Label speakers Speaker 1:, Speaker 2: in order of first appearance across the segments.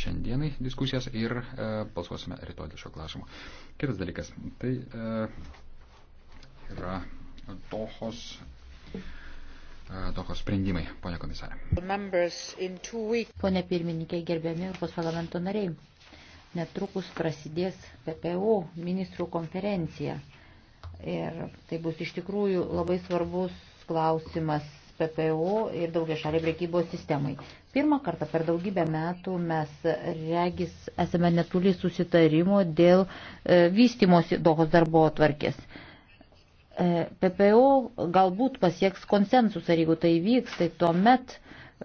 Speaker 1: šiandienai diskusijas ir e, balsuosime rytoj dėl šio klausimo. Kitas dalykas, tai e, yra Dohos, e, Dohos sprendimai, ponia komisarė.
Speaker 2: Pone pirmininkė, gerbiami Europos parlamento nariai, netrukus prasidės PPO ministrų konferencija. Ir tai bus iš tikrųjų labai svarbus klausimas PPO ir daugia šaliai prekybos sistemai. Pirmą kartą per daugybę metų mes regis esame netuli susitarimo dėl e, vystimosi dohos darbo atvarkės. E, PPO galbūt pasieks konsensusą, jeigu tai vyks, tai tuomet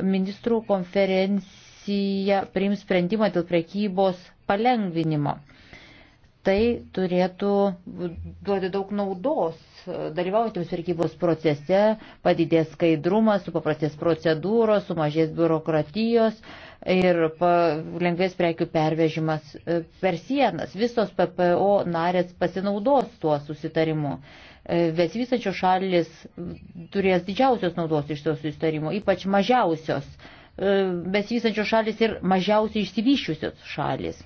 Speaker 2: ministrų konferencija priims sprendimą dėl prekybos palengvinimo tai turėtų duoti daug naudos dalyvaujantiems verkybos procese, padidės skaidrumas, supaprastės procedūros, sumažės biurokratijos ir lengvės prekių pervežimas e, per sienas. Visos PPO narės pasinaudos tuo susitarimu. E, besivysančios šalis turės didžiausios naudos iš to susitarimo, ypač mažiausios e, besivysančios šalis ir mažiausiai išsivyščiusios šalis.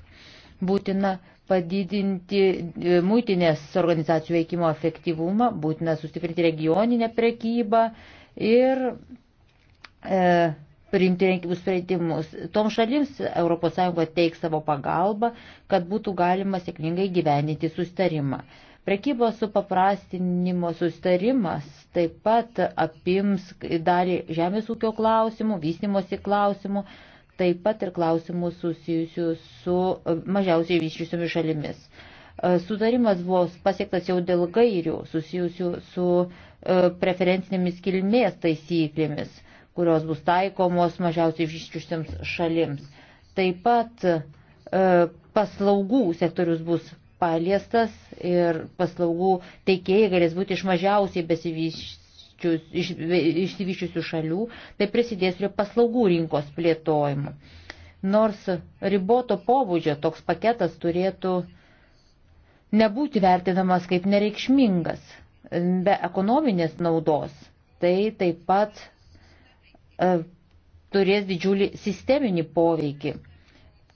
Speaker 2: Būtina padidinti e, mūtinės organizacijų veikimo efektyvumą, būtina sustiprinti regioninę prekybą ir e, priimti renkimus sprendimus. Tom šalims ES teiks savo pagalbą, kad būtų galima sėkmingai gyveninti sustarimą. Prekybos supaprastinimo sustarimas taip pat apims dalį žemės ūkio klausimų, vystimosi klausimų, klausimų taip pat ir klausimų susijusių su e, mažiausiai vyščiusiomis šalimis. E, sutarimas buvo pasiektas jau dėl gairių susijusių su e, preferencinėmis kilmės taisyklėmis, kurios bus taikomos mažiausiai vyščiusiams šalims. Taip pat paslaugų sektorius bus paliestas ir paslaugų teikėjai galės būti iš mažiausiai besivyščiusių išsivyščiusių šalių, tai prisidės prie paslaugų rinkos plėtojimo. Nors riboto pobūdžio toks paketas turėtų nebūti vertinamas kaip nereikšmingas be ekonominės naudos, tai taip pat e, turės didžiulį sisteminį poveikį.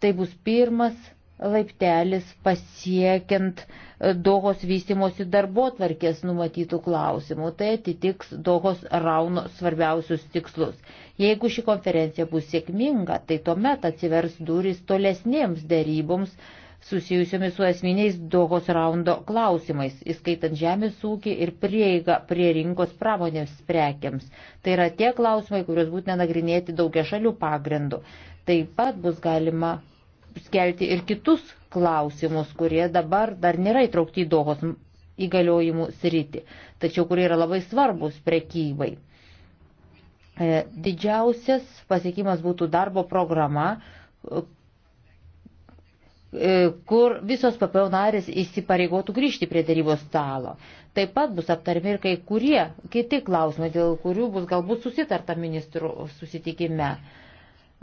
Speaker 2: Tai bus pirmas laiptelis pasiekiant e, Dohos vystimosi darbo tvarkės numatytų klausimų. Tai atitiks Dohos rauno svarbiausius tikslus. Jeigu ši konferencija bus sėkminga, tai tuomet atsivers durys tolesnėms dėryboms susijusiomis su esminiais Dohos raundo klausimais, įskaitant žemės ūkį ir prieigą prie rinkos pramonės prekiams. Tai yra tie klausimai, kuriuos būtina nagrinėti daugia šalių pagrindų. Taip pat bus galima skelti ir kitus klausimus, kurie dabar dar nėra įtraukti į Dohos įgaliojimų sritį, tačiau kurie yra labai svarbus prekybai. E, didžiausias pasiekimas būtų darbo programa, e, kur visos PPO narės įsipareigotų grįžti prie darybos stalo. Taip pat bus aptarmi ir kai kurie kiti klausimai, dėl kurių bus galbūt susitarta ministrų susitikime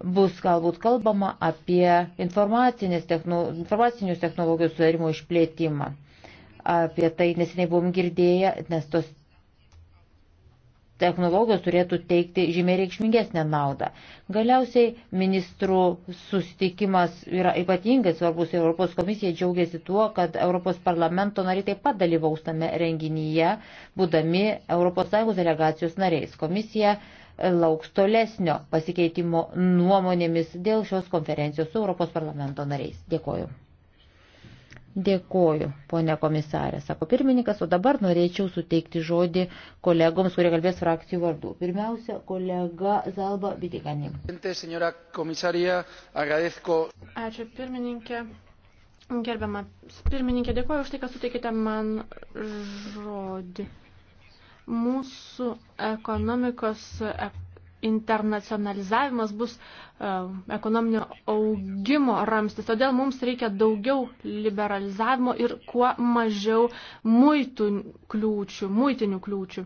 Speaker 2: bus galbūt kalbama apie technolo informacinius technologijų sudarimo išplėtimą. Apie tai neseniai buvom girdėję, nes tos technologijos turėtų teikti žymiai reikšmingesnę naudą. Galiausiai ministrų susitikimas yra ypatingai svarbus Europos komisija džiaugiasi tuo, kad Europos parlamento nariai taip pat dalyvaus tame renginyje, būdami ES delegacijos nariais. Komisija uh, lauks tolesnio pasikeitimo nuomonėmis dėl šios konferencijos su Europos parlamento nariais. Dėkoju. Dėkoju, ponė komisarė, sako pirmininkas, o dabar norėčiau suteikti žodį kolegoms, kurie kalbės frakcijų vardu. Pirmiausia, kolega Zalba Bitikani.
Speaker 3: Ačiū pirmininkė. Gerbiama pirmininkė, dėkoju už tai, kad suteikite man žodį mūsų ekonomikos e, internacionalizavimas bus e, ekonominio augimo ramstis. Todėl mums reikia daugiau liberalizavimo ir kuo mažiau muitų kliūčių, muitinių kliūčių.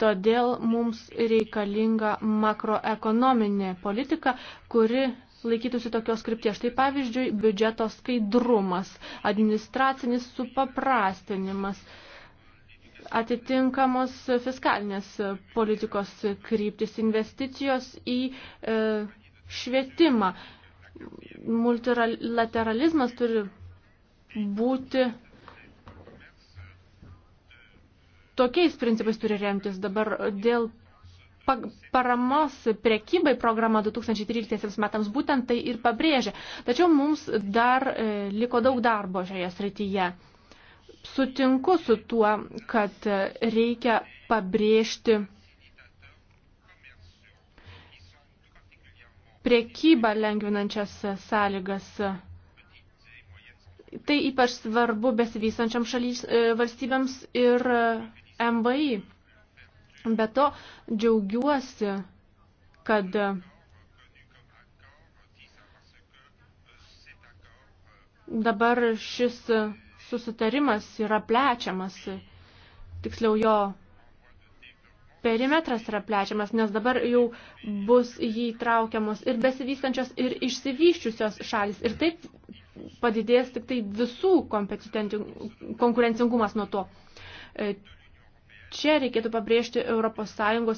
Speaker 3: Todėl mums reikalinga makroekonominė politika, kuri laikytųsi tokios skripties. Štai pavyzdžiui, biudžeto skaidrumas, administracinis supaprastinimas. Uh, atitinkamos fiskalinės politikos kryptis, investicijos į e, švietimą. Multilateralizmas turi būti tokiais principais turi remtis dabar dėl paramos prekybai programa 2013 metams būtent tai ir pabrėžia. Tačiau mums dar e, liko daug darbo šioje srityje sutinku su tuo, kad reikia pabrėžti priekybą lengvinančias sąlygas. Tai ypač svarbu besivystančiam šalys, e, valstybėms ir MVI. Be to džiaugiuosi, kad dabar šis susitarimas yra plečiamas, tiksliau jo perimetras yra plečiamas, nes dabar jau bus jį traukiamos ir besivystančios, ir išsivyščiusios šalis. Ir taip padidės tik tai visų konkurencingumas nuo to. E, čia reikėtų pabrėžti ES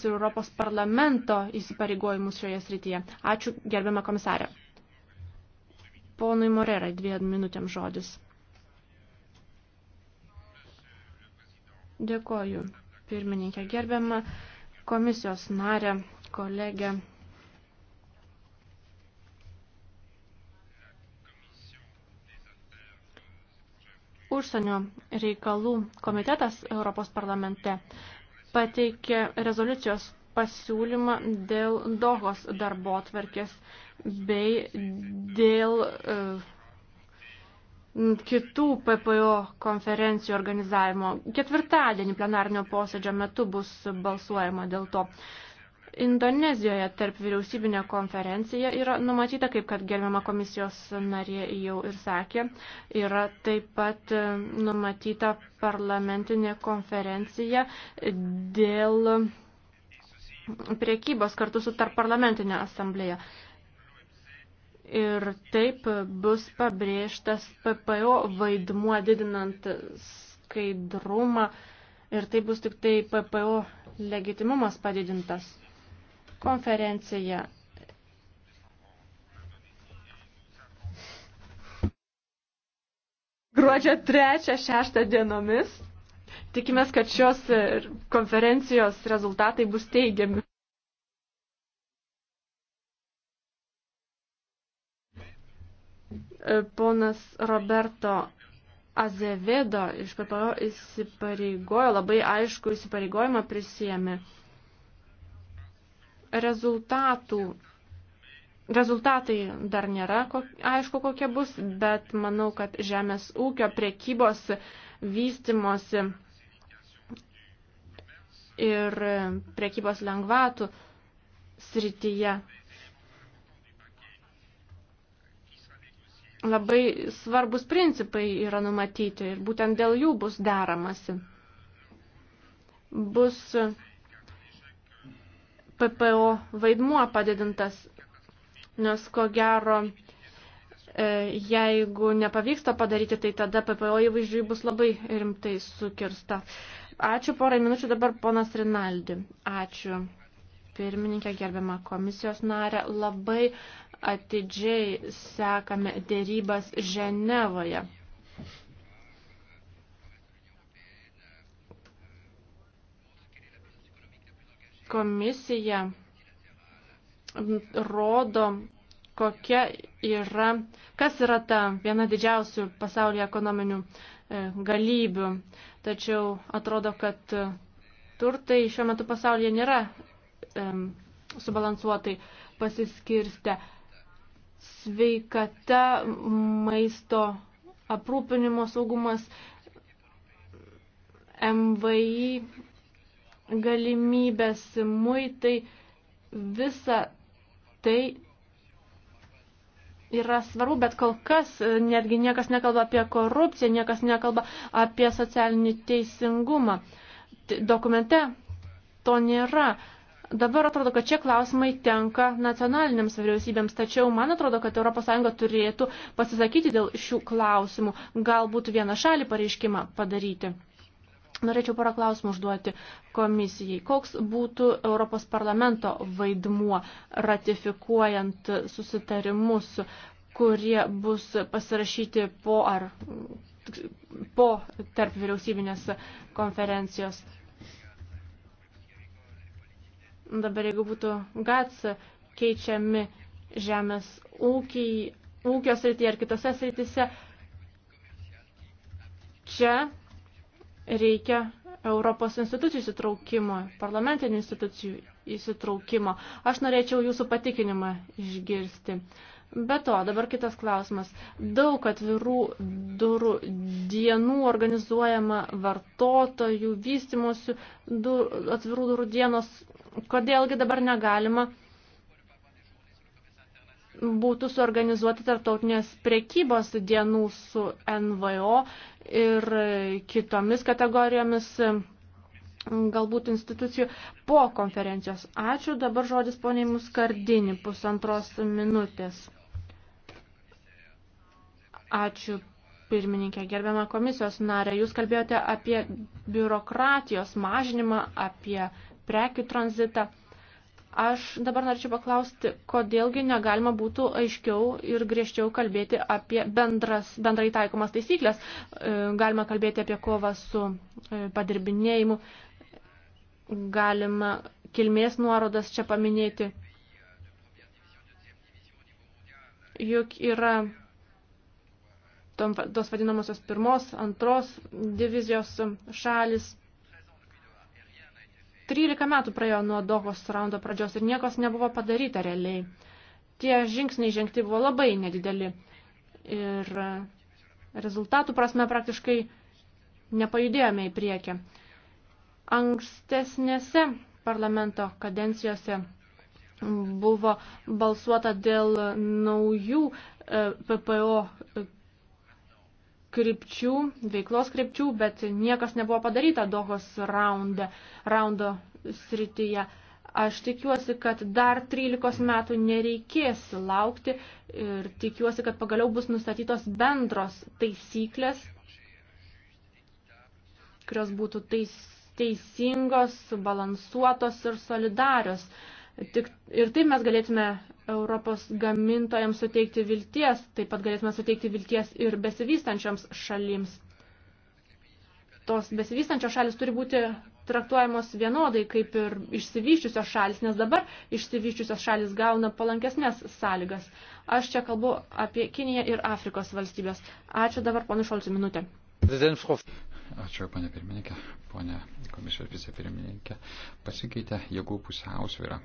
Speaker 3: ir ES parlamento įsipareigojimus šioje srityje. Ačiū, gerbiama komisarė. Ponui Morera, dviem minutėm žodis. Dėkoju, pirmininkė, gerbiama komisijos narė, kolegė. Užsienio reikalų komitetas Europos parlamente pateikė rezoliucijos pasiūlymą dėl Dohos darbo atverkės bei dėl uh, kitų PPO konferencijų organizavimo. Ketvirtadienį plenarnio posėdžio metu bus balsuojama dėl to. Indonezijoje tarp vyriausybinė konferencija yra numatyta, kaip kad gerbiama komisijos narė jau ir sakė, yra taip pat e, numatyta parlamentinė konferencija dėl priekybos kartu su tarp parlamentinė asamblėje ir taip bus pabrėžtas PPO vaidmuo didinant skaidrumą ir taip bus tik tai PPO legitimumas padidintas. Konferencija. Gruodžio 3-6 dienomis. Tikimės, kad šios konferencijos rezultatai bus teigiami. E, ponas Roberto Azevedo iš PPO įsipareigojo, labai aišku įsipareigojimą prisėmė. Rezultatų, rezultatai dar nėra kok, aišku, kokie bus, bet manau, kad žemės ūkio priekybos vystimosi ir priekybos lengvatų srityje labai svarbus principai yra numatyti ir būtent dėl jų bus deramasi. Bus PPO vaidmuo padidintas, nes ko gero, e, jeigu nepavyksta padaryti, tai tada PPO įvaizdžiui bus labai rimtai sukirsta. Ačiū porai minučių dabar ponas Rinaldi. Ačiū pirmininkė, gerbiama komisijos narė, labai atidžiai sekame dėrybas Ženevoje. Komisija rodo, kokia yra, kas yra ta viena didžiausių pasaulyje ekonominių e, galybių. Tačiau atrodo, kad turtai šiuo metu pasaulyje nėra um, subalansuotai pasiskirstę sveikata, maisto aprūpinimo saugumas, MVI galimybės, muitai, visa tai yra svarbu, bet kol kas e, netgi niekas nekalba apie korupciją, niekas nekalba apie socialinį teisingumą. Dokumente to nėra dabar atrodo, kad čia klausimai tenka nacionalinėms vyriausybėms, tačiau man atrodo, kad ES turėtų pasisakyti dėl šių klausimų, galbūt vieną šalį pareiškimą padaryti. Norėčiau porą klausimų užduoti komisijai. Koks būtų Europos parlamento vaidmuo ratifikuojant susitarimus, kurie bus pasirašyti po ar po tarp vyriausybinės konferencijos? Dabar jeigu būtų GATS keičiami žemės ūkiai, ūkio srityje ar kitose srityse, čia reikia Europos institucijų įsitraukimo, parlamentinių institucijų įsitraukimo. Aš norėčiau jūsų patikinimą išgirsti. Be to, dabar kitas klausimas. Daug atvirų durų dienų organizuojama vartotojų, vystimosi dur, atvirų durų dienos Kodėlgi dabar negalima būtų suorganizuoti tarptautinės prekybos dienų su NVO ir kitomis kategorijomis galbūt institucijų po konferencijos. Ačiū, dabar žodis poniai Muskardini, pusantros minutės. Ačiū, pirmininkė, gerbiama komisijos narė. Jūs kalbėjote apie biurokratijos mažinimą, apie prekių tranzitą. Aš dabar norėčiau paklausti, kodėlgi negalima būtų aiškiau ir griežčiau kalbėti apie bendras, bendrai taikomas taisyklės. E, galima kalbėti apie kovą su e, padirbinėjimu, galima kilmės nuorodas čia paminėti. Juk yra tos vadinamosios pirmos, antros divizijos šalis 13 metų praėjo nuo Dohos raundo pradžios ir niekas nebuvo padaryta realiai. Tie žingsniai žengti buvo labai nedideli ir rezultatų prasme praktiškai nepajudėjome į priekį. Ankstesnėse parlamento kadencijose buvo balsuota dėl naujų e, PPO krypčių, veiklos krypčių, bet niekas nebuvo padaryta Dohos raunde, raundo srityje. Aš tikiuosi, kad dar 13 metų nereikės laukti ir tikiuosi, kad pagaliau bus nustatytos bendros taisyklės, kurios būtų tais, teisingos, subalansuotos ir solidarios. Tik, ir taip mes galėtume Europos gamintojams suteikti vilties, taip pat galėsime suteikti vilties ir besivystančioms šalims. Tos besivystančios šalis turi būti traktuojamos vienodai kaip ir išsivyščiusios šalis, nes dabar išsivyščiusios šalis gauna palankesnės sąlygas. Aš čia kalbu apie Kiniją ir Afrikos valstybės. Ačiū dabar, ponu Šolcų, minutę.
Speaker 1: Ačiū, panė pirmininkė, ponė komisijos vicepirmininkė. Pasikeitė jėgų pusiausvyrą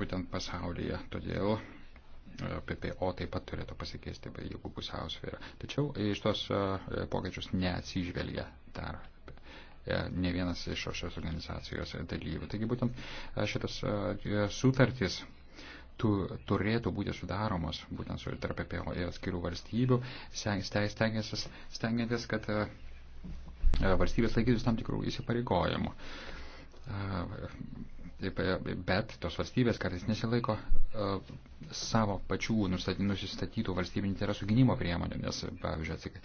Speaker 1: būtent pasaulyje. Todėl PPO taip pat turėtų pasikeisti jėgų pusiausvėrą. Tačiau iš tos pokyčius neatsižvelgia dar ne vienas iš šios organizacijos dalyvių. Taigi būtent šitas sutartis tu, turėtų būti sudaromos būtent su tarp PPO ir atskirų valstybių, stengiantis, stengiantis kad valstybės laikytųsi tam tikrų įsipareigojimų bet tos valstybės kartais nesilaiko e, savo pačių nusistatytų valstybinių interesų gynimo priemonių, nes, pavyzdžiui,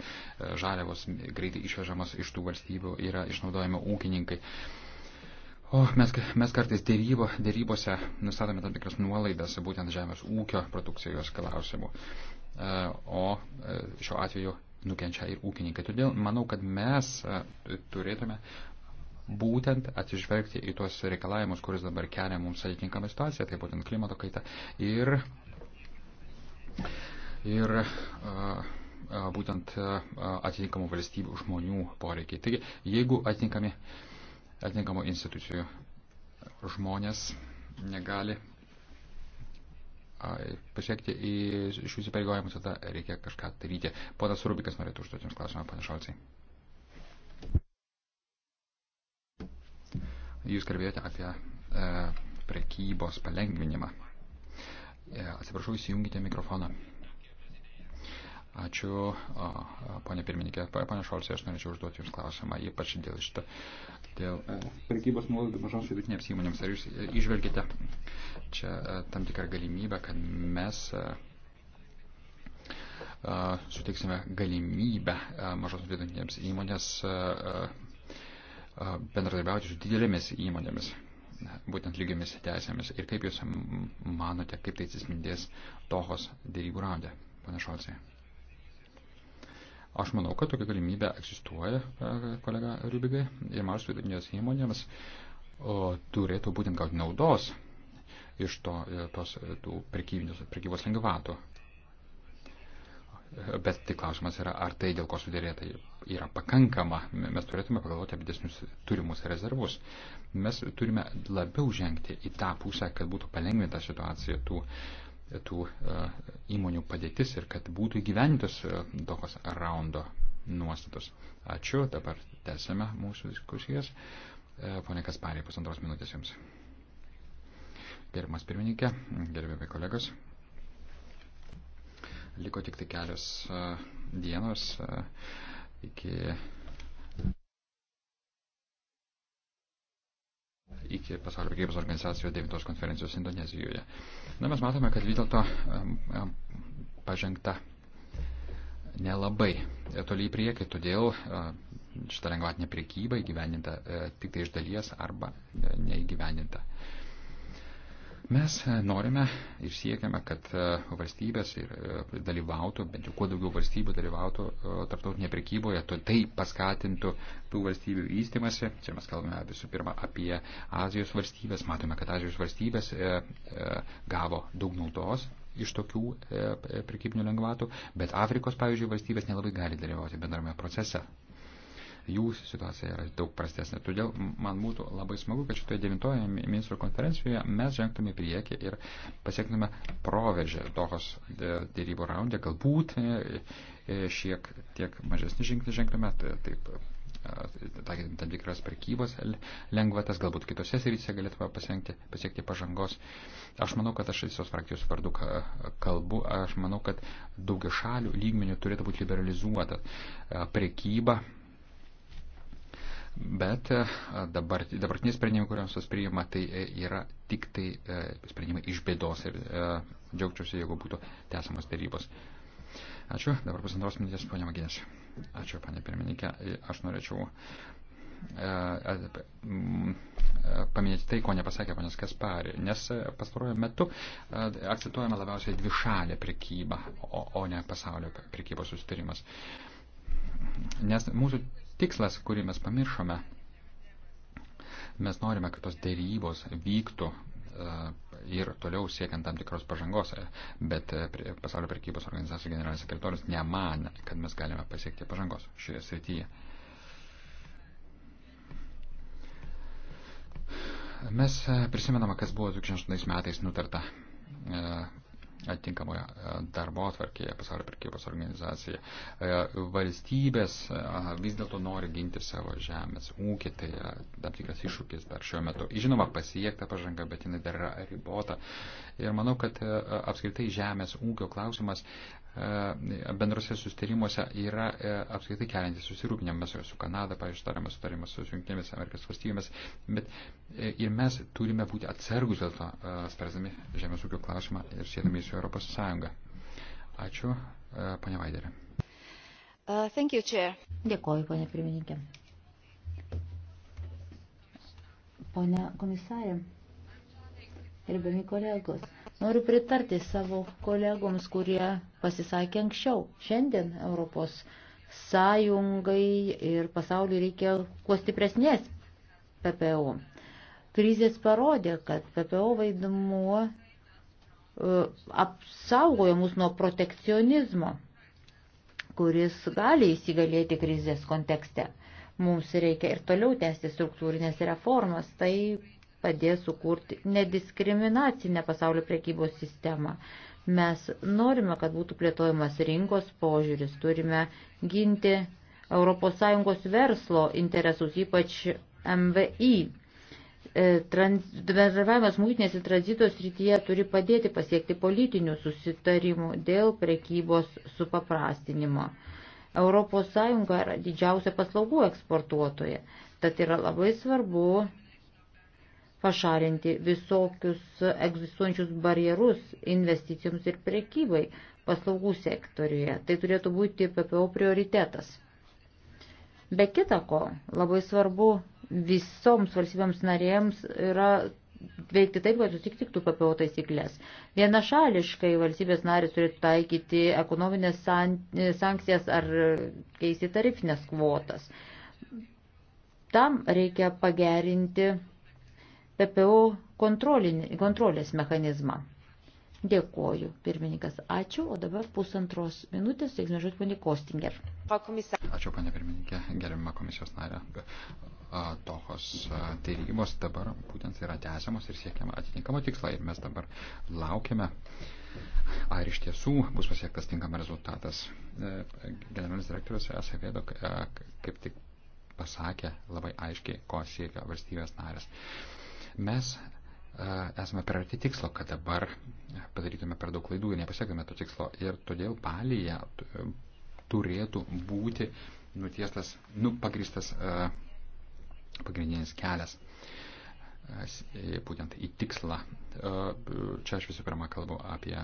Speaker 1: žaliavos greitai išvežamas iš tų valstybių yra išnaudojami ūkininkai. O mes, mes kartais dėrybo, dėrybose nustatome tam tikras nuolaidas būtent žemės ūkio produkcijos klausimų, e, o e, šiuo atveju nukenčia ir ūkininkai. Todėl manau, kad mes turėtume būtent atsižvelgti į tuos reikalavimus, kuris dabar kelia mums atitinkama situacija, tai būtent klimato kaita ir, ir uh, būtent atitinkamų valstybių žmonių poreikiai. Taigi, jeigu atitinkami, atitinkamų institucijų žmonės negali pasiekti į šių įsipareigojimus, tada reikia kažką daryti. Ponas Rubikas norėtų užduoti Jums klausimą, panašausiai. Jūs kalbėjote apie e, prekybos palengvinimą. E, atsiprašau, įsijungite mikrofoną. Ačiū, o, ponė pirmininkė. Pane Šolcai, aš norėčiau užduoti Jums klausimą, ypač dėl šito. Dėl e, prekybos nuolaidų mažoms vidutinėms įmonėms. Ar Jūs e, išvelgite čia e, tam tikrą galimybę, kad mes. E, e suteiksime galimybę e, mažos vidutinėms įmonės a, a, bendradarbiauti su didelėmis įmonėmis, būtent lygiamis teisėmis. Ir kaip jūs manote, kaip tai atsispindės Tohos dėrybų raundė, panašuose? Aš manau, kad tokia galimybė egzistuoja, kolega Rybigai, ir mažos vidutinės įmonėms o, turėtų būtent gauti naudos iš to, e, tos, e, tų prekybos lengvatų. Bet tik klausimas yra, ar tai, dėl ko sudėrėta, yra pakankama. Mes turėtume pagalvoti apie didesnius turimus rezervus. Mes turime labiau žengti į tą pusę, kad būtų palengvinta situacija tų, tų uh, įmonių padėtis ir kad būtų įgyvenintos uh, e, tokios raundo nuostatos. Ačiū, dabar tęsime mūsų diskusijas. E, pone Kasparė, pusantros minutės jums. Gerimas pirmininkė, gerbiami kolegos, Liko tik tai kelios e, dienos e, iki, iki pasaulio prekybos organizacijos 9 konferencijos Indonezijoje. Na, mes matome, kad vis dėlto e, pažengta nelabai toli į priekį, todėl šitą lengvatinę priekybą įgyvendinta tik tai iš dalies arba neįgyvendinta. Mes e, norime ir siekiame, kad e, valstybės ir e, dalyvautų, bent jau kuo daugiau valstybių dalyvautų tarptautinėje prekyboje, to tai paskatintų tų valstybių vystimasi. Čia mes kalbame visų pirma apie Azijos valstybės. Matome, kad Azijos valstybės gavo daug naudos iš tokių prekybinių lengvatų, bet Afrikos, pavyzdžiui, valstybės nelabai gali dalyvauti bendrame procese jų situacija yra daug prastesnė. Todėl man būtų labai smagu, kad šitoje devintoje ministrų konferencijoje mes žengtume į priekį ir pasiektume proveržę Dohos dėrybų raundė. Galbūt e, e, šiek tiek mažesnį žingsnį žengtume, taip, taikyti tam tikras prekybos lengvatas, galbūt kitose srityse galėtume pasiekti, pasiekti pažangos. Aš manau, kad aš visos frakcijos vardu kalbu, aš manau, kad daugia šalių lygmenių turėtų būti liberalizuota prekyba Bet e, dabar, dabartiniai sprendimai, kuriuos jūs priima, tai e, yra tik tai e, sprendimai iš bėdos ir džiaugčiausi, jeigu būtų tęsiamas darybos. Ačiū. Dabar pusantros minutės, ponia Maginės. Ačiū, panė pirmininkė. Aš norėčiau paminėti tai, ko nepasakė panas Kaspari, nes pastaruoju metu akcentuojama labiausiai dvišalė prekyba, o, o ne pasaulio prekybos susitarimas. Nes mūsų tikslas, kurį mes pamiršome. Mes norime, kad tos dėrybos vyktų e, ir toliau siekiant tam tikros pažangos, e, bet e, pasaulio prekybos organizacijos generalinis sekretorius nemanė, kad mes galime pasiekti pažangos šioje srityje. Mes prisimename, kas buvo 2008 metais nutarta atitinkamoje e, darbo atvarkėje pasaulio prekybos organizacija. E, valstybės e, vis dėlto nori ginti savo žemės ūkį, tai yra tam tikras iššūkis dar šiuo metu. Žinoma, pasiekta pažanga, bet jinai dar yra ribota. Ir manau, kad apskritai žemės ūkio klausimas E, bendrose sustarimuose yra e, apskaitai keliantis susirūpinimas su Kanada, pavyzdžiui, tariamas sutarimas su Junktinėmis Amerikos valstybėmis, bet e, ir mes turime būti atsargus dėl to, spręsdami žemės ūkio klausimą ir siedami su Europos Sąjunga. Ačiū, ponia Vaiderė.
Speaker 2: Uh, thank you, Chair. Dėkoju, ponia pirmininkė. Pone komisarė, gerbiami kolegos. Noriu pritarti savo kolegoms, kurie pasisakė anksčiau. Šiandien Europos sąjungai ir pasauliu reikia kuo stipresnės PPO. Krizės parodė, kad PPO vaidmuo e, apsaugojo mus nuo protekcionizmo, kuris gali įsigalėti krizės kontekste. Mums reikia ir toliau tęsti struktūrinės reformas. Tai padės sukurti nediskriminacinę pasaulio prekybos sistemą. Mes norime, kad būtų plėtojamas rinkos požiūris, turime ginti ES verslo interesus, ypač MVI. E, bendravimas mūtinės ir tranzitos rytyje turi padėti pasiekti politinių susitarimų dėl prekybos supaprastinimo. ES yra didžiausia paslaugų eksportuotoja, tad yra labai svarbu pašalinti visokius egzistuojančius barjerus investicijoms ir prekybai paslaugų sektoriuje. Tai turėtų būti PPO prioritetas. Be kita ko, labai svarbu visoms valstybėms narėms yra veikti taip, kad susitiktų PPO taisyklės. Vienašališkai valstybės narės turėtų taikyti ekonominės sankcijas ar keisti tarifinės kvotas. Tam reikia pagerinti PPO kontrolės
Speaker 1: mechanizmą.
Speaker 2: Dėkuoju, pirmininkas. Ačiū, o dabar pusantros minutės, sėkmė žodžiu, ponė Kostinger.
Speaker 1: Ačiū, ponė pirmininkė, gerbima komisijos narė. Tohos tarybos dabar būtent yra tęsiamos ir siekiama atitinkamo tikslai. Mes dabar laukiame, ar iš tiesų bus pasiektas tinkamas rezultatas. E, generalinis direktorius Esavėdo e, kaip tik pasakė labai aiškiai, ko siekia valstybės narės. Mes e, esame priarti tikslo, kad dabar padarytume per daug klaidų ir nepasiektume to tikslo. Ir todėl palyje turėtų būti nutiestas, nu, pagristas e, pagrindinis kelias e, būtent į tikslą. Čia aš visų pirma kalbu apie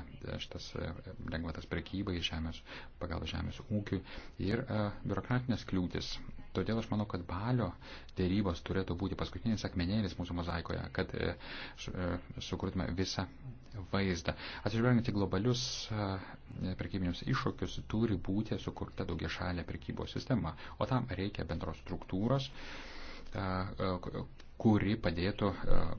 Speaker 1: šitas lengvatas prekybai, žemės, pagal žemės ūkiui ir biurokratinės kliūtis Todėl aš manau, kad balio dėrybos turėtų būti paskutinis akmenėlis mūsų mozaikoje, kad e, e, sukurtume visą vaizdą. Atsižvelgiant į globalius e, prekybinius iššūkius, turi būti sukurta daugia šalia prekybos sistema, o tam reikia bendros struktūros kuri padėtų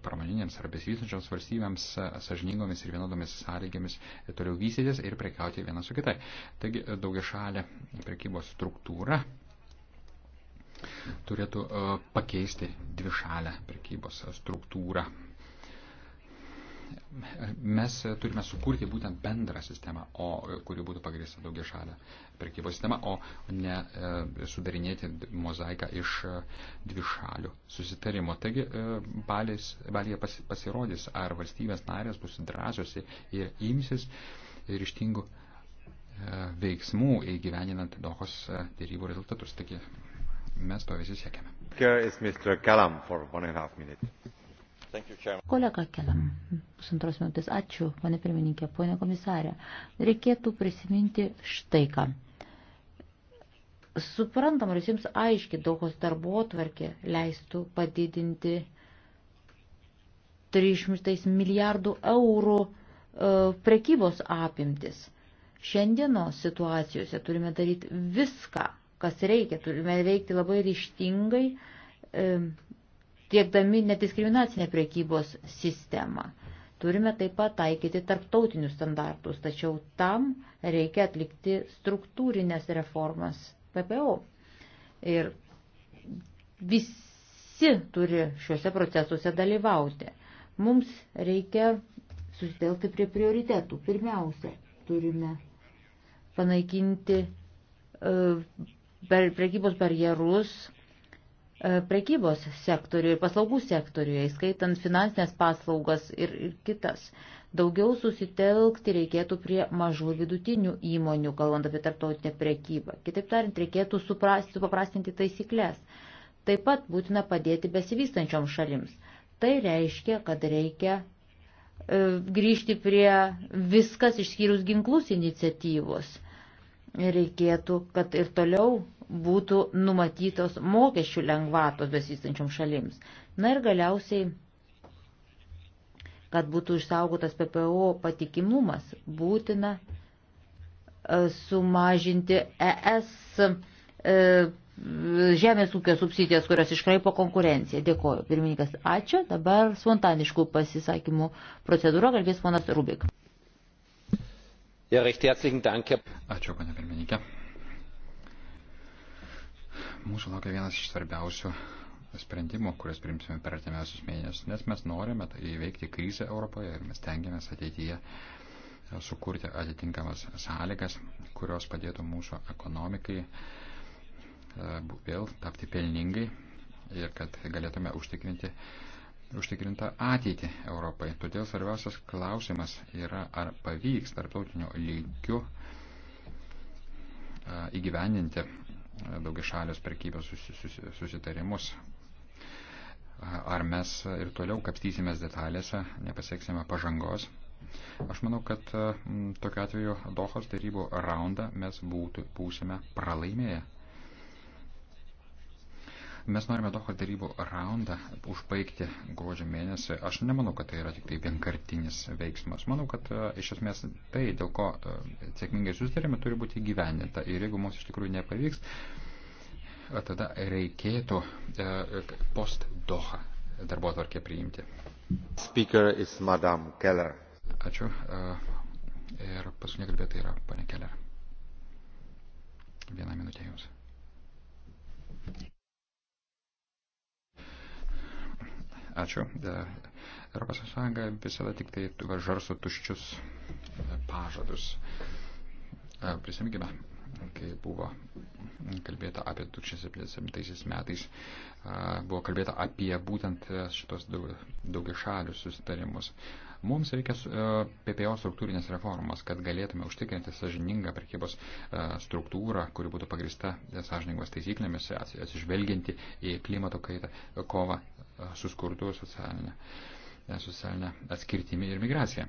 Speaker 1: pramoninėms ar besivystančioms valstybėms sažiningomis ir vienodomis sąlygomis toliau vystytis ir prekiauti viena su kitai. Taigi daugia šalia prekybos struktūra turėtų e, pakeisti dvišalę prekybos struktūrą. Mes turime sukurti būtent bendrą sistemą, o, kuri būtų pagrįsta daugia šalia prekybos sistema, o ne e, sudarinėti mozaiką iš e, dvišalių susitarimo. Taigi e, balės, balėje pas, pasirodys, ar valstybės narės bus drąsiosi ir imsis ryštingų e, veiksmų įgyveninant Dohos e, dėrybų rezultatus. Taigi Mes to visi siekiame. Kolega Kelam, pusantros
Speaker 2: minutės, ačiū, pane pirmininkė, ponė komisarė. Reikėtų prisiminti štai ką. Suprantam, ar jums aiškiai daugos darbo tvarkė leistų padidinti 300 milijardų eurų e, prekybos apimtis. Šiandienos situacijose turime daryti viską, kas reikia. Turime veikti labai ryštingai, e, tiekdami nediskriminacinę priekybos sistemą. Turime taip pat taikyti tarptautinius standartus, tačiau tam reikia atlikti struktūrinės reformas PPO. Ir visi turi šiuose procesuose dalyvauti. Mums reikia susitelkti prie prioritetų. Pirmiausia, turime panaikinti uh, prekybos barjerus e, prekybos sektoriuje ir paslaugų sektoriuje, įskaitant finansinės paslaugas ir, ir kitas. Daugiau susitelkti reikėtų prie mažų ir vidutinių įmonių, kalbant apie tarptautinę prekybą. Kitaip tariant, reikėtų suprasti, supaprastinti taisyklės. Taip pat būtina padėti besivystančiom šalims. Tai reiškia, kad reikia e, grįžti prie viskas išskyrus ginklus iniciatyvos. Reikėtų, kad ir toliau būtų numatytos mokesčių lengvatos besistančiom šalims. Na ir galiausiai, kad būtų išsaugotas PPO patikimumas, būtina e, sumažinti ES e, žemės ūkio subsidijas, kurios iškraipo konkurenciją. Dėkoju. Pirmininkas, ačiū. Dabar spontaniškų pasisakymų procedūra kalbės ponas Rubik.
Speaker 1: Ja, recht herzlichen Dank. Ačiū, panė pirmininkė. Mūsų laukia vienas iš svarbiausių sprendimų, kuriuos priimsime per artimiausius mėnesius, nes mes norime tai įveikti krizę Europoje ir mes tengiamės ateityje e, sukurti atitinkamas sąlygas, kurios padėtų mūsų ekonomikai e, vėl tapti pelningai ir kad galėtume užtikrinti užtikrintą ateitį Europai. Todėl svarbiausias klausimas yra, ar pavyks tarptautiniu lygiu e, įgyvendinti daugišalius prekybės susitarimus. Ar mes ir toliau kapstysimės detalėse, nepasieksime pažangos? Aš manau, kad mm, tokiu atveju Dohos darybų raundą mes būtų, būsime pralaimėję. Mes norime Doho darybų raundą užbaigti gruodžio mėnesį. Aš nemanau, kad tai yra tik tai vienkartinis veiksmas. Manau, kad e, iš esmės tai, dėl ko e, sėkmingai susitarėme, turi būti įgyvendinta. Ir jeigu mums iš tikrųjų nepavyks, e, tada reikėtų post Doha darbo atvarkė priimti. Speaker is Madame Keller. Ačiū. Ir paskutinė kalbėta yra pane Keller. Vieną minutę jums. Ačiū. E, Europos Sąjunga visada tik tai žarso tuščius e, pažadus. E, prisiminkime, kai buvo kalbėta apie 2007 metais, buvo kalbėta apie būtent šitos daugiašalius susitarimus. Mums reikia e, PPO struktūrinės reformos, kad galėtume užtikrinti sažiningą prekybos e, struktūrą, kuri būtų pagrista e, sąžiningos taisyklėmis, atsižvelginti į klimato kaitą, kovą su skurdu, socialinę, socialinę atskirtimį ir migraciją.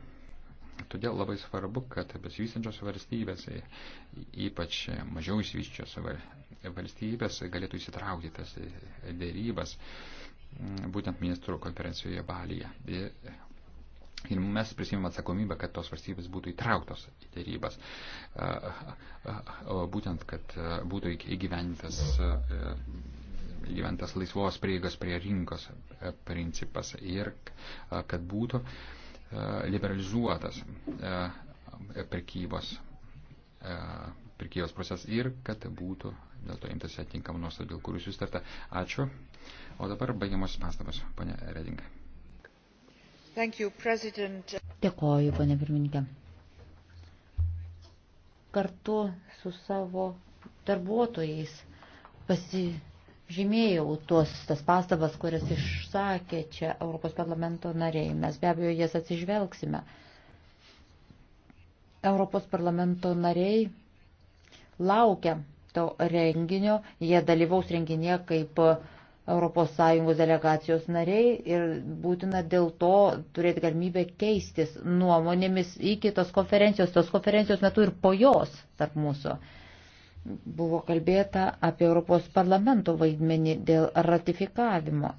Speaker 1: Todėl labai svarbu, kad besivystančios valstybės, ypač mažiau išvyščios valstybės, galėtų įsitraukti tas dėrybas būtent ministrų konferencijoje Balyje. Ir mes prisimėm atsakomybę, kad tos valstybės būtų įtrauktos į dėrybas. Būtent, kad būtų įgyventas, įgyventas laisvos prieigos prie rinkos principas ir kad būtų liberalizuotas prekybos, prekybos procesas ir kad būtų dėl to imtas atitinkamų nuostatų, dėl kurių susitarta. Ačiū. O dabar baigiamos pastabas, ponia Redingai.
Speaker 2: You, Dėkoju, ponė pirmininkė. Kartu su savo darbuotojais pasižymėjau tuos tas pastabas, kurias išsakė čia Europos parlamento nariai. Mes be abejo jas atsižvelgsime. Europos parlamento nariai laukia to renginio, jie dalyvaus renginėje kaip uh, ES delegacijos nariai ir būtina dėl to turėti galimybę keistis nuomonėmis iki tos konferencijos, tos konferencijos metu ir po jos tarp mūsų. Buvo kalbėta apie Europos parlamento vaidmenį dėl ratifikavimo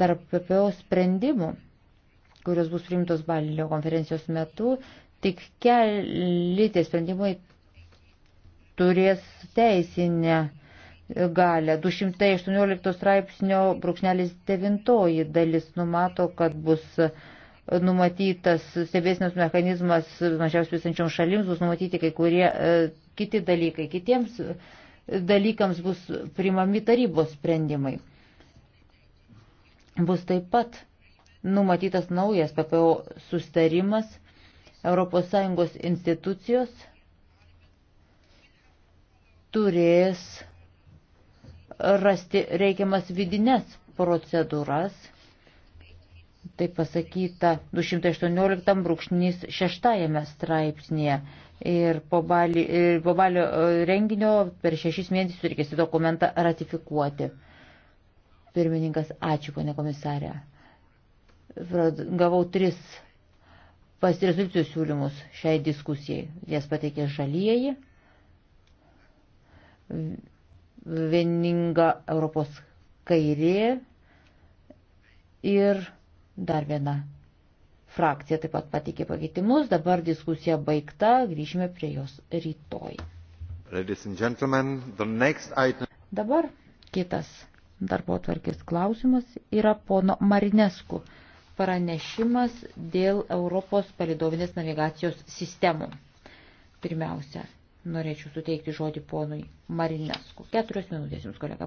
Speaker 2: tarp PPO sprendimų, kurios bus priimtos Balilio konferencijos metu, tik keli tie sprendimai turės teisinę galę. 218 straipsnio brūkšnelis 9 dalis numato, kad bus e, numatytas stebėsinos mechanizmas mažiausiai visančioms šalims, bus numatyti kai kurie e, kiti dalykai. Kitiems e, dalykams bus primami tarybos sprendimai. Bus taip pat numatytas naujas PPO sustarimas ES institucijos turės rasti reikiamas vidinės procedūras. Tai pasakyta 218.6 straipsnėje. Ir po, balį, ir po balio e, renginio per šešis mėnesius reikės dokumentą ratifikuoti. Pirmininkas, ačiū, ponė komisarė. Gavau tris pasirezoliucijų siūlymus šiai diskusijai. Jas pateikė žalieji vieninga Europos kairė ir dar viena frakcija taip pat patikė pakeitimus. Dabar diskusija baigta, grįžime prie jos rytoj. Dabar kitas darbo atvarkės klausimas yra pono Marinesku pranešimas dėl Europos palidovinės navigacijos sistemų. Pirmiausia, norėčiau suteikti žodį ponui Marinesku. Keturios minutės jums, kolega.